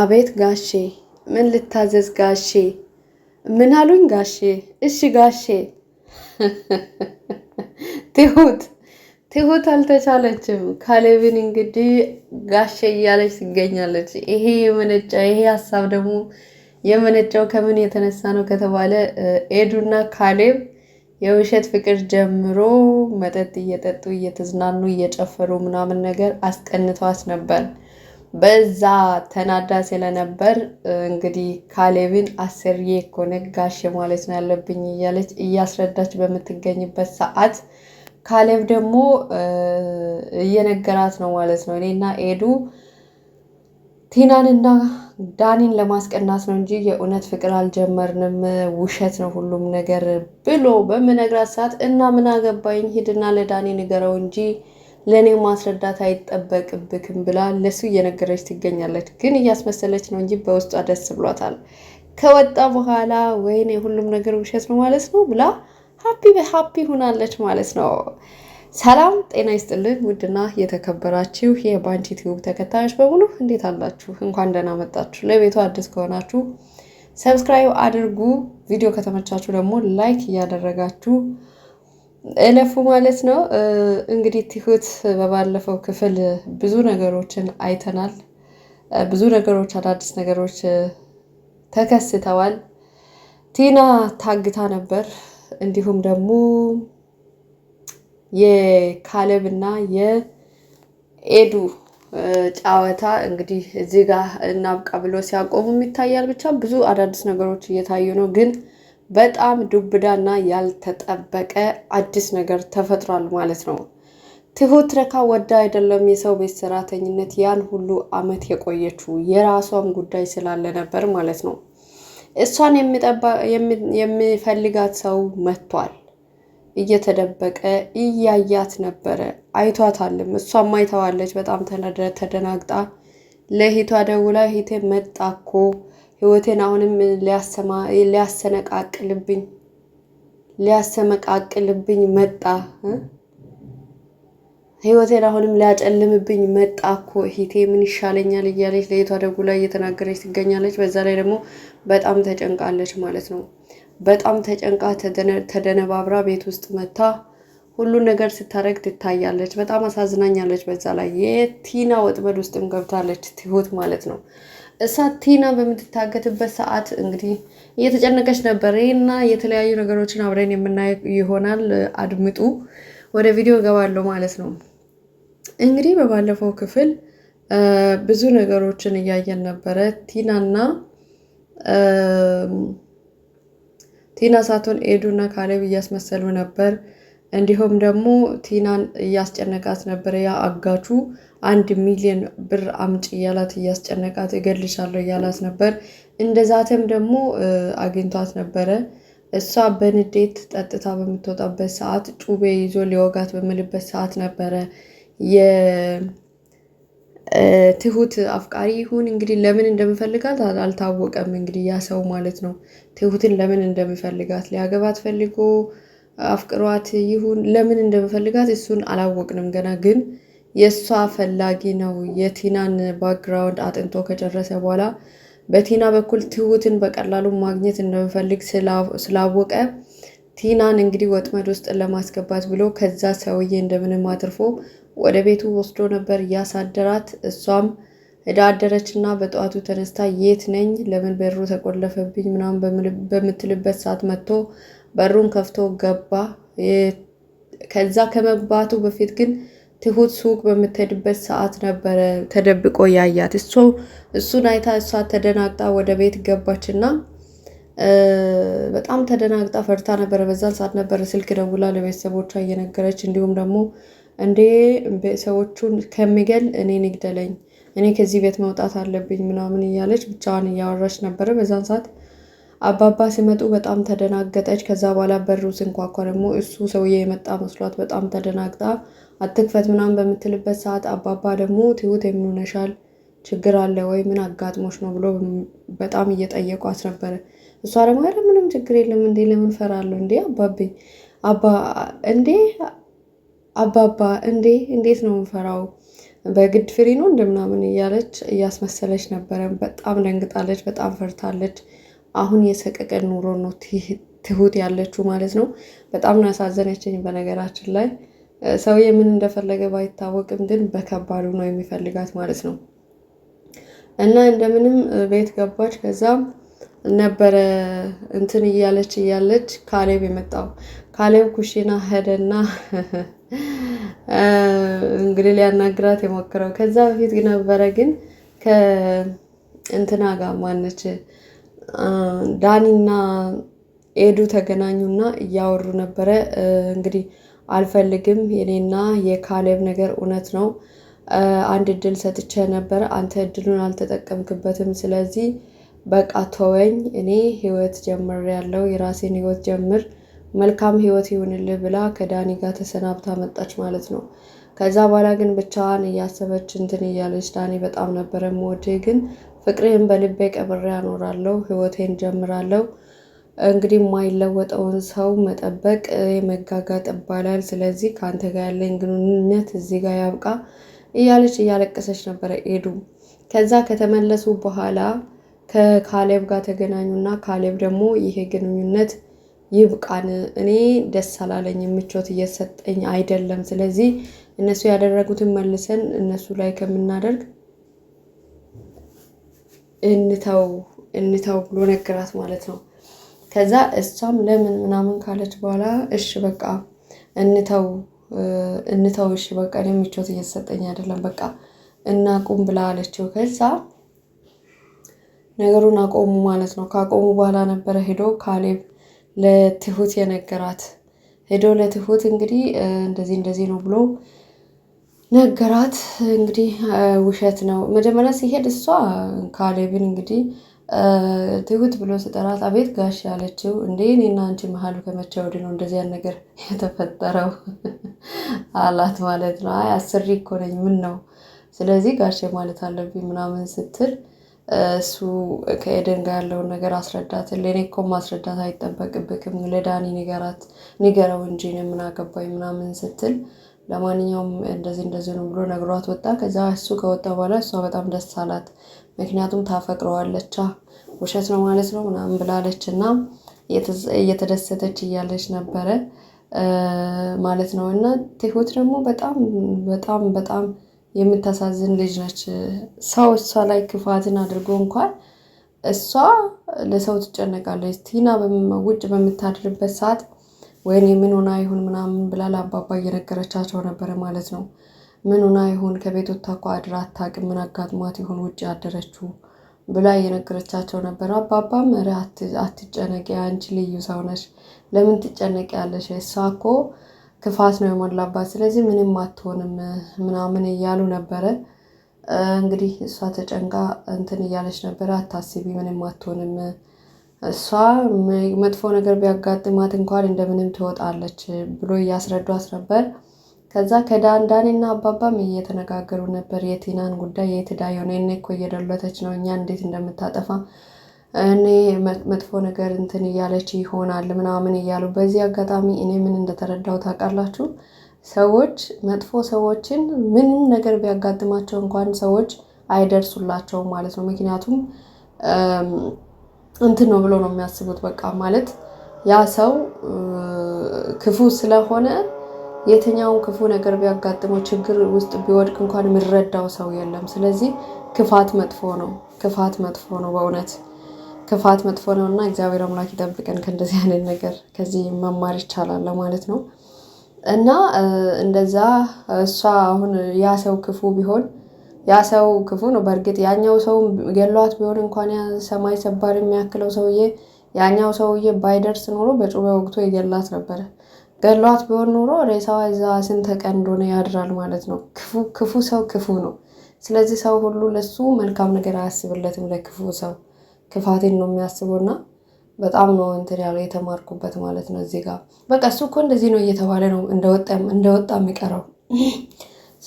አቤት ጋሼ ምን ልታዘዝ ጋሼ ምን አሉኝ ጋሼ እሺ ጋሼ ትሁት ትሁት አልተቻለችም ካሌብን እንግዲህ ጋሼ እያለች ትገኛለች ይሄ የመነጫ ይሄ ሀሳብ ደግሞ የመነጫው ከምን የተነሳ ነው ከተባለ ኤዱና ካሌብ የውሸት ፍቅር ጀምሮ መጠጥ እየጠጡ እየተዝናኑ እየጨፈሩ ምናምን ነገር አስቀንተዋት ነበር በዛ ተናዳ ስለነበር እንግዲህ ካሌብን አሰርዬ እኮ ነጋሽ ማለት ነው ያለብኝ እያለች እያስረዳች በምትገኝበት ሰዓት ካሌብ ደግሞ እየነገራት ነው ማለት ነው። እኔና ኤዱ ቲናንና ዳኒን ለማስቀናት ነው እንጂ የእውነት ፍቅር አልጀመርንም፣ ውሸት ነው ሁሉም ነገር ብሎ በምነግራት ሰዓት እና ምን አገባኝ ሂድና ለዳኒ ንገረው እንጂ ለእኔ ማስረዳት አይጠበቅብክም ብላ ለሱ እየነገረች ትገኛለች። ግን እያስመሰለች ነው እንጂ በውስጧ ደስ ብሏታል። ከወጣ በኋላ ወይኔ ሁሉም ነገር ውሸት ነው ማለት ነው ብላ ሀፒ በሀፒ ሁናለች ማለት ነው። ሰላም ጤና ይስጥልን ውድና የተከበራችሁ የባንቺ ቲዩብ ተከታዮች በሙሉ እንዴት አላችሁ? እንኳን ደህና መጣችሁ። ለቤቱ አዲስ ከሆናችሁ ሰብስክራይብ አድርጉ። ቪዲዮ ከተመቻችሁ ደግሞ ላይክ እያደረጋችሁ እለፉ ማለት ነው። እንግዲህ ትሁት በባለፈው ክፍል ብዙ ነገሮችን አይተናል። ብዙ ነገሮች፣ አዳዲስ ነገሮች ተከስተዋል። ቲና ታግታ ነበር። እንዲሁም ደግሞ የካለብና የኤዱ ጨዋታ እንግዲህ እዚህ ጋር እናብቃ ብሎ ሲያቆሙም ይታያል። ብቻ ብዙ አዳዲስ ነገሮች እየታዩ ነው ግን በጣም ዱብዳና ያልተጠበቀ አዲስ ነገር ተፈጥሯል ማለት ነው። ትሁት ረካ ወዳ አይደለም የሰው ቤት ሰራተኝነት ያን ሁሉ አመት የቆየችው የራሷም ጉዳይ ስላለ ነበር ማለት ነው። እሷን የሚፈልጋት ሰው መጥቷል። እየተደበቀ እያያት ነበረ። አይቷታልም፣ እሷም አይተዋለች። በጣም ተደናግጣ ለሂቷ ደውላ ሂቴ መጣ እኮ ህይወቴን አሁንም ሊያሰነቃቅልብኝ ሊያሰመቃቅልብኝ መጣ። ህይወቴን አሁንም ሊያጨልምብኝ መጣ እኮ ሂቴ ምን ይሻለኛል እያለች ለየቷ ላይ እየተናገረች ትገኛለች። በዛ ላይ ደግሞ በጣም ተጨንቃለች ማለት ነው። በጣም ተጨንቃ ተደነባብራ ቤት ውስጥ መታ ሁሉን ነገር ስታደረግ ትታያለች። በጣም አሳዝናኛለች። በዛ ላይ የቲና ወጥመድ ውስጥም ገብታለች ትሁት ማለት ነው። እሳት ቲና በምትታገትበት ሰዓት እንግዲህ እየተጨነቀች ነበር እና የተለያዩ ነገሮችን አብረን የምናየው ይሆናል። አድምጡ። ወደ ቪዲዮ እገባለሁ ማለት ነው። እንግዲህ በባለፈው ክፍል ብዙ ነገሮችን እያየን ነበረ። ቲናና ቲና ኤዱ ኤዱና ካሌብ እያስመሰሉ ነበር። እንዲሁም ደግሞ ቲናን እያስጨነቃት ነበር ያ አጋቹ አንድ ሚሊዮን ብር አምጪ እያላት እያስጨነቃት እገልሻለሁ እያላት ነበር። እንደዛተም ደግሞ አግኝቷት ነበረ። እሷ በንዴት ጠጥታ በምትወጣበት ሰዓት ጩቤ ይዞ ሊወጋት በምልበት ሰዓት ነበረ የትሁት አፍቃሪ ይሁን እንግዲህ ለምን እንደምፈልጋት አልታወቀም። እንግዲህ ያ ሰው ማለት ነው ትሁትን ለምን እንደምፈልጋት ሊያገባት ፈልጎ አፍቅሯት ይሁን ለምን እንደምፈልጋት እሱን አላወቅንም ገና ግን የእሷ ፈላጊ ነው። የቲናን ባክግራውንድ አጥንቶ ከጨረሰ በኋላ በቲና በኩል ትሁትን በቀላሉ ማግኘት እንደምፈልግ ስላወቀ ቲናን እንግዲህ ወጥመድ ውስጥ ለማስገባት ብሎ ከዛ ሰውዬ እንደምንም አትርፎ ወደ ቤቱ ወስዶ ነበር እያሳደራት እሷም እዳደረች እና በጠዋቱ ተነስታ የት ነኝ ለምን በሩ ተቆለፈብኝ ምናምን በምትልበት ሰዓት መጥቶ በሩን ከፍቶ ገባ። ከዛ ከመግባቱ በፊት ግን ትሁት ሱቅ በምትሄድበት ሰዓት ነበረ ተደብቆ ያያት። እሱን አይታ እሷ ተደናግጣ ወደ ቤት ገባች እና በጣም ተደናግጣ ፈርታ ነበረ። በዛን ሰዓት ነበረ ስልክ ደውላ ለቤተሰቦቿ እየነገረች እንዲሁም ደግሞ እንዴ ሰዎቹን ከሚገል እኔ ንግደለኝ፣ እኔ ከዚህ ቤት መውጣት አለብኝ ምናምን እያለች ብቻዋን እያወራች ነበረ። በዛን ሰዓት አባባ ሲመጡ በጣም ተደናገጠች። ከዛ በኋላ በሩ ስንኳኳ ደግሞ እሱ ሰውዬ የመጣ መስሏት በጣም ተደናግጣ አትክፈት ምናምን በምትልበት ሰዓት አባባ ደግሞ ትሁት የምንሆነሻል ችግር አለ ወይ ምን አጋጥሞች ነው ብሎ በጣም እየጠየቋት ነበረ። እሷ ደግሞ ኧረ ምንም ችግር የለም እንዴ ለምን ፈራለሁ እንዴ አባቤ አባ እንዴ አባባ እንዴ እንዴት ነው የምፈራው በግድ ፍሪ ነው እንደምናምን እያለች እያስመሰለች ነበረ። በጣም ደንግጣለች፣ በጣም ፈርታለች። አሁን የሰቀቀን ኑሮ ነው ትሁት ያለችው ማለት ነው። በጣም ነው ያሳዘነችኝ በነገራችን ላይ ሰውዬ ምን እንደፈለገ ባይታወቅም ግን በከባዱ ነው የሚፈልጋት ማለት ነው። እና እንደምንም ቤት ገባች። ከዛም ነበረ እንትን እያለች እያለች ካሌብ የመጣው ካሌብ ኩሽና ሄደና እንግዲህ ሊያናግራት የሞክረው ከዛ በፊት ነበረ ግን ከእንትና ጋር ማነች ዳኒና ኤዱ ተገናኙና እያወሩ ነበረ እንግዲህ አልፈልግም። የኔና የካሌብ ነገር እውነት ነው። አንድ እድል ሰጥቼ ነበር፣ አንተ እድሉን አልተጠቀምክበትም። ስለዚህ በቃ ተወኝ፣ እኔ ህይወት ጀምር ያለው የራሴን ህይወት ጀምር፣ መልካም ህይወት ይሁንልህ ብላ ከዳኒ ጋር ተሰናብታ መጣች ማለት ነው። ከዛ በኋላ ግን ብቻዋን እያሰበች እንትን እያለች ዳኒ በጣም ነበረ ምወድህ፣ ግን ፍቅርህን በልቤ ቀብሬ አኖራለሁ፣ ህይወቴን ጀምራለሁ እንግዲህ የማይለወጠውን ሰው መጠበቅ የመጋጋጥ ይባላል። ስለዚህ ከአንተ ጋር ያለኝ ግንኙነት እዚህ ጋር ያብቃ እያለች እያለቀሰች ነበረ ኤዱ። ከዛ ከተመለሱ በኋላ ከካሌብ ጋር ተገናኙና ካሌብ ደግሞ ይሄ ግንኙነት ይብቃን፣ እኔ ደስ አላለኝ፣ ምቾት እየሰጠኝ አይደለም። ስለዚህ እነሱ ያደረጉትን መልሰን እነሱ ላይ ከምናደርግ እንተው እንተው ብሎ ነገራት ማለት ነው። ከዛ እሷም ለምን ምናምን ካለች በኋላ እሺ በቃ እንተው እንተው እሺ በቃ እኔ ምቾት እየተሰጠኝ አይደለም በቃ እናቁም ብላ አለችው። ከዛ ነገሩን አቆሙ ማለት ነው። ካቆሙ በኋላ ነበረ ሄዶ ካሌብ ለትሁት የነገራት ሄዶ ለትሁት እንግዲህ እንደዚህ እንደዚህ ነው ብሎ ነገራት። እንግዲህ ውሸት ነው መጀመሪያ ሲሄድ እሷ ካሌብን እንግዲህ ትሁት ብሎ ስጠራት አቤት ጋሽ ያለችው፣ እንዴ እኔና አንቺ መሀሉ ከመቼ ወዲህ ነው ነገር የተፈጠረው አላት ማለት ነው። አይ አስሪ እኮ ነኝ ምን ነው ስለዚህ ጋሼ ማለት አለብኝ ምናምን ስትል እሱ ከኤደን ጋር ያለውን ነገር አስረዳት። ለእኔ እኮ ማስረዳት አይጠበቅብክም፣ ለዳኒ ንገራት፣ ንገረው እንጂ የምናገባኝ ምናምን ስትል ለማንኛውም እንደዚህ እንደዚህ ነው ብሎ ነግሯት ወጣ። ከዛ እሱ ከወጣ በኋላ እሷ በጣም ደስ አላት። ምክንያቱም ታፈቅረዋለቻ ውሸት ነው ማለት ነው ምናምን ብላለች እና እየተደሰተች እያለች ነበረ ማለት ነው። እና ትሁት ደግሞ በጣም በጣም በጣም የምታሳዝን ልጅ ነች። ሰው እሷ ላይ ክፋትን አድርጎ እንኳን እሷ ለሰው ትጨነቃለች። ቲና ውጭ በምታድርበት ሰዓት ወይኔ ምን ሆና ይሁን ምናምን ብላ ለአባባ እየነገረቻቸው ነበረ ማለት ነው። ምን ሆና ይሁን ከቤት ወጥታ እኮ አድራ አታውቅም፣ ምን አጋጥሟት ይሁን ውጭ ያደረችው ብላ እየነገረቻቸው ነበረ። አባባም ኧረ አትጨነቂ፣ አንቺ ልዩ ሰው ነሽ፣ ለምን ትጨነቂያለሽ? እሷ እኮ ክፋት ነው የሞላባት፣ ስለዚህ ምንም አትሆንም ምናምን እያሉ ነበረ። እንግዲህ እሷ ተጨንቃ እንትን እያለች ነበረ፣ አታስቢ፣ ምንም አትሆንም እሷ መጥፎ ነገር ቢያጋጥማት እንኳን እንደምንም ትወጣለች ብሎ እያስረዷት ነበር። ከዛ ከዳንዳኔ እና አባባም እየተነጋገሩ ነበር የቲናን ጉዳይ የት ሄዳ የሆነ እኔ እኮ እየደለተች ነው እኛ እንዴት እንደምታጠፋ እኔ መጥፎ ነገር እንትን እያለች ይሆናል ምናምን እያሉ። በዚህ አጋጣሚ እኔ ምን እንደተረዳው ታውቃላችሁ? ሰዎች መጥፎ ሰዎችን ምንም ነገር ቢያጋጥማቸው እንኳን ሰዎች አይደርሱላቸውም ማለት ነው ምክንያቱም እንትን ነው ብሎ ነው የሚያስቡት። በቃ ማለት ያ ሰው ክፉ ስለሆነ የትኛውን ክፉ ነገር ቢያጋጥመው ችግር ውስጥ ቢወድቅ እንኳን የሚረዳው ሰው የለም። ስለዚህ ክፋት መጥፎ ነው፣ ክፋት መጥፎ ነው፣ በእውነት ክፋት መጥፎ ነው እና እግዚአብሔር አምላክ ይጠብቀን ከእንደዚህ አይነት ነገር። ከዚህ መማር ይቻላል ማለት ነው እና እንደዛ እሷ አሁን ያ ሰው ክፉ ቢሆን ያ ሰው ክፉ ነው። በእርግጥ ያኛው ሰው ገሏት ቢሆን እንኳን ያ ሰማይ ሰባሪ የሚያክለው ሰውዬ ያኛው ሰውዬ ባይደርስ ኖሮ በጩቤ ወቅቶ ይገላት ነበረ። ገሏት ቢሆን ኖሮ ሬሳዋ እዛ ስንት ቀን እንደሆነ ያድራል ማለት ነው። ክፉ ሰው ክፉ ነው። ስለዚህ ሰው ሁሉ ለሱ መልካም ነገር አያስብለትም። ለክፉ ሰው ክፋቴን ነው የሚያስበውና በጣም ነው እንትን ያለው የተማርኩበት ማለት ነው። እዚህ ጋር በቃ እሱ እኮ እንደዚህ ነው እየተባለ ነው እንደወጣ የሚቀረው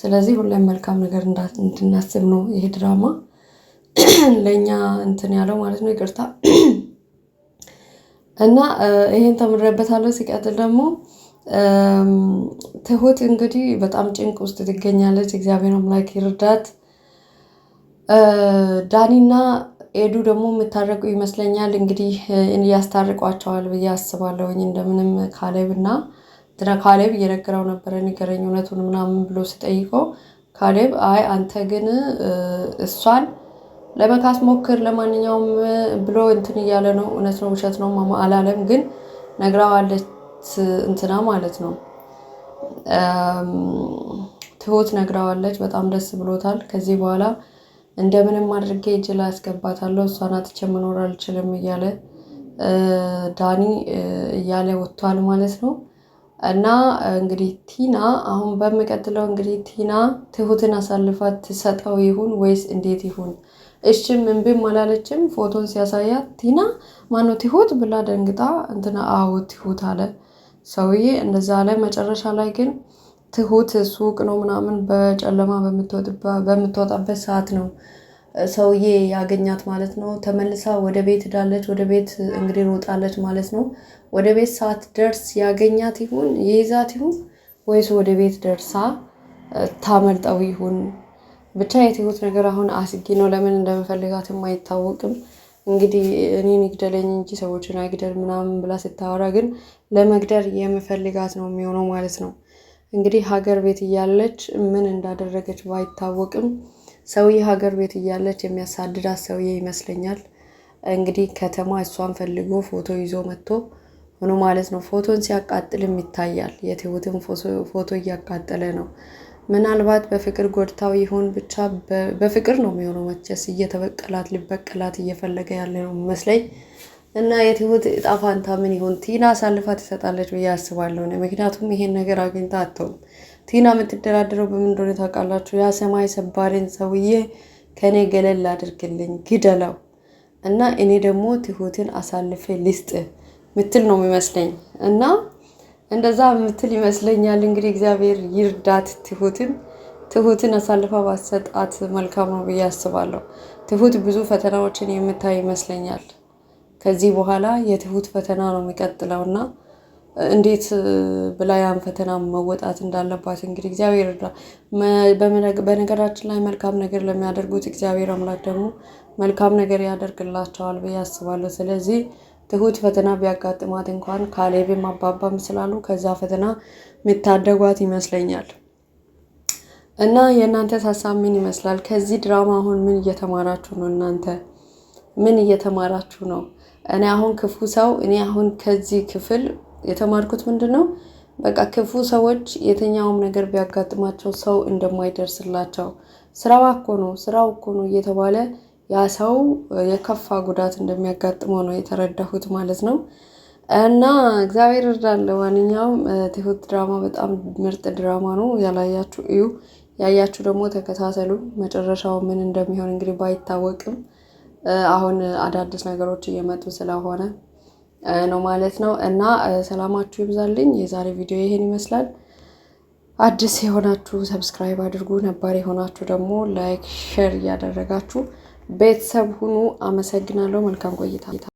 ስለዚህ ሁሌም መልካም ነገር እንድናስብ ነው ይሄ ድራማ ለእኛ እንትን ያለው ማለት ነው። ይቅርታ እና ይሄን ተምሬበታለሁ። ሲቀጥል ደግሞ ትሁት እንግዲህ በጣም ጭንቅ ውስጥ ትገኛለች። እግዚአብሔር አምላክ ይርዳት። ዳኒና ኤዱ ደግሞ የምታረቁ ይመስለኛል። እንግዲህ ያስታርቋቸዋል ብዬ አስባለሁኝ እንደምንም ካሌብና እንትና ካሌብ እየነገረው ነበረ ንገረኝ እውነቱን ምናምን ብሎ ሲጠይቀው ካሌብ አይ አንተ ግን እሷን ለመካስ ሞክር ለማንኛውም ብሎ እንትን እያለ ነው። እውነት ነው ውሸት ነው ማማ አላለም፣ ግን ነግራዋለች እንትና ማለት ነው ትሁት ነግራዋለች። በጣም ደስ ብሎታል። ከዚህ በኋላ እንደምንም አድርጌ እጅ ላይ አስገባታለሁ እሷን አትቼ መኖር አልችልም እያለ ዳኒ እያለ ወጥቷል ማለት ነው። እና እንግዲህ ቲና አሁን በሚቀጥለው እንግዲህ ቲና ትሁትን አሳልፋ ትሰጠው ይሁን ወይስ እንዴት ይሁን? እሽም እምቢም አላለችም። ፎቶን ሲያሳያት ቲና ማነው ትሁት ብላ ደንግጣ እንትና አዎ ትሁት አለ ሰውዬ እንደዛ ላይ መጨረሻ ላይ ግን ትሁት ሱቅ ነው ምናምን በጨለማ በምትወጣበት ሰዓት ነው ሰውዬ ያገኛት ማለት ነው። ተመልሳ ወደ ቤት ሄዳለች። ወደ ቤት እንግዲህ ሮጣለች ማለት ነው። ወደ ቤት ሳትደርስ ያገኛት ይሁን ይይዛት ይሁን ወይስ ወደ ቤት ደርሳ ታመልጠው ይሁን ብቻ የትሁት ነገር አሁን አስጊ ነው። ለምን እንደምፈልጋትም አይታወቅም። እንግዲህ እኔን ይግደለኝ እንጂ ሰዎችን አይግደል ምናምን ብላ ስታወራ ግን ለመግደል የምፈልጋት ነው የሚሆነው ማለት ነው። እንግዲህ ሀገር ቤት እያለች ምን እንዳደረገች ባይታወቅም ሰውዬ ሀገር ቤት እያለች የሚያሳድዳት ሰውዬ ይመስለኛል። እንግዲህ ከተማ እሷን ፈልጎ ፎቶ ይዞ መጥቶ ሆኖ ማለት ነው። ፎቶን ሲያቃጥልም ይታያል። የትሁትን ፎቶ እያቃጠለ ነው። ምናልባት በፍቅር ጎድታው ይሆን ብቻ። በፍቅር ነው የሚሆነው መቼስ፣ እየተበቀላት ሊበቀላት እየፈለገ ያለ ነው የሚመስለኝ። እና የትሁት ዕጣ ፋንታ ምን ይሆን? ቲና አሳልፋ ትሰጣለች ብዬ አስባለሁ። ምክንያቱም ይሄን ነገር አግኝታ አተውም። ቲና የምትደራደረው በምን እንደሆነ ታውቃላችሁ? ያ ሰማይ ሰባሪን ሰውዬ ከእኔ ገለል አድርግልኝ፣ ግደለው እና እኔ ደግሞ ትሁትን አሳልፌ ልስጥ ምትል ነው የሚመስለኝ እና እንደዛ ምትል ይመስለኛል። እንግዲህ እግዚአብሔር ይርዳት ትሁትን ትሁትን አሳልፋ ባሰጣት መልካም ነው ብዬ አስባለሁ። ትሁት ብዙ ፈተናዎችን የምታይ ይመስለኛል። ከዚህ በኋላ የትሁት ፈተና ነው የሚቀጥለው እና እንዴት ብላ ያን ፈተና መወጣት እንዳለባት እንግዲህ እግዚአብሔር እርዳ። በነገራችን ላይ መልካም ነገር ለሚያደርጉት እግዚአብሔር አምላክ ደግሞ መልካም ነገር ያደርግላቸዋል ብዬ አስባለሁ። ስለዚህ ትሁት ፈተና ቢያጋጥማት እንኳን ካሌብም አባባም ስላሉ ከዛ ፈተና የምታደጓት ይመስለኛል። እና የእናንተ ሀሳብ ምን ይመስላል? ከዚህ ድራማ አሁን ምን እየተማራችሁ ነው? እናንተ ምን እየተማራችሁ ነው? እኔ አሁን ክፉ ሰው እኔ አሁን ከዚህ ክፍል የተማርኩት ምንድን ነው፣ በቃ ክፉ ሰዎች የትኛውም ነገር ቢያጋጥማቸው ሰው እንደማይደርስላቸው ስራው እኮ ነው ስራው እኮ ነው እየተባለ ያ ሰው የከፋ ጉዳት እንደሚያጋጥመው ነው የተረዳሁት ማለት ነው። እና እግዚአብሔር እርዳን። ለማንኛውም ትሁት ድራማ በጣም ምርጥ ድራማ ነው። ያላያችሁ እዩ፣ ያያችሁ ደግሞ ተከታተሉ። መጨረሻው ምን እንደሚሆን እንግዲህ ባይታወቅም አሁን አዳዲስ ነገሮች እየመጡ ስለሆነ ነው ማለት ነው። እና ሰላማችሁ ይብዛልኝ። የዛሬ ቪዲዮ ይሄን ይመስላል። አዲስ የሆናችሁ ሰብስክራይብ አድርጉ፣ ነባር የሆናችሁ ደግሞ ላይክ፣ ሼር እያደረጋችሁ ቤተሰብ ሁኑ። አመሰግናለሁ። መልካም ቆይታ